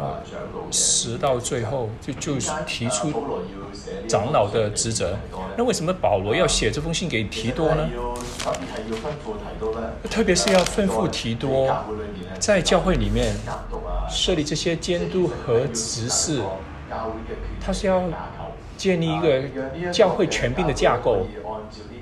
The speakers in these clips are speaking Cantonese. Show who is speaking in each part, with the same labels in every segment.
Speaker 1: 啊，直到最後，就就提出長老的職責。那為什麼保羅要寫這封信給提多呢？特別是要吩咐提多，在教會裏面設立這些監督和執事，他是要建立一個教會權柄的架構。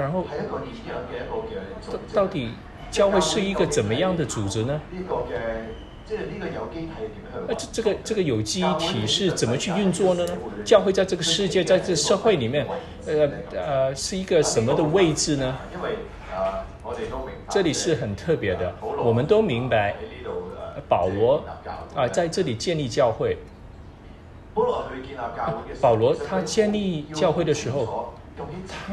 Speaker 1: 然後，到到底
Speaker 2: 教會是一個
Speaker 1: 怎麼樣的組織呢？啊這個、這個有機體這個有機體是怎麼去運作呢？教會在這個世界、在這社會裡面，呃呃、啊，是一個什麼的位置呢？因為啊，我們都明，這裡是很特別的，我們都明白保羅。保羅啊，在這裡建立教會。啊、保羅他建立教會的時候，他。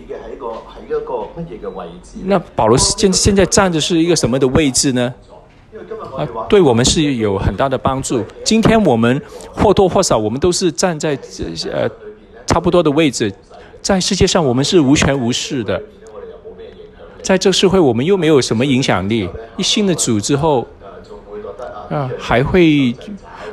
Speaker 1: 啊、那保羅現現在站的是一個什麼的位置呢、啊？對我們是有很大的幫助。今天我們或多或少，我們都是站在呃，差不多的位置。在世界上，我們是無權無勢的，在這個社會，我們又沒有什麼影響力。一新的主之後、啊，還會。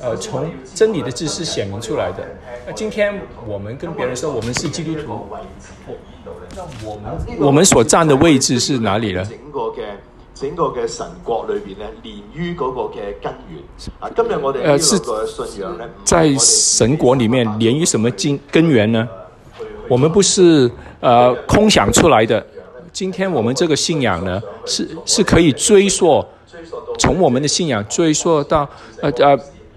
Speaker 1: 呃，從真理的知識顯明出來的。那、呃、今天我們跟別人說我們是基督徒，我，我們所站的位置是哪裏呢？整個的整個的神國裏邊呢，連於嗰個嘅根源啊。今日我哋呢個信仰呢，在神國裏面連於什麼根根源呢？我們不是呃空想出來的。今天我們這個信仰呢，是是可以追溯，從我們的信仰追溯到呃呃。呃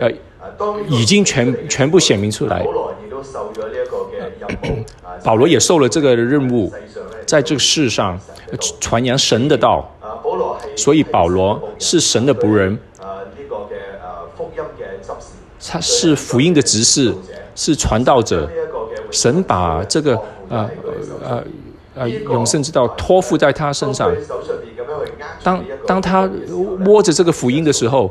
Speaker 1: 呃、已經全全部顯明出來保。 保羅也受了這個任務，在這個世上傳揚神的道。所以保羅是神的僕人。他是福音的執事，是傳道者。神把這個啊啊啊永生之道託付在他身上。身上當當他摸着這個福音的時候。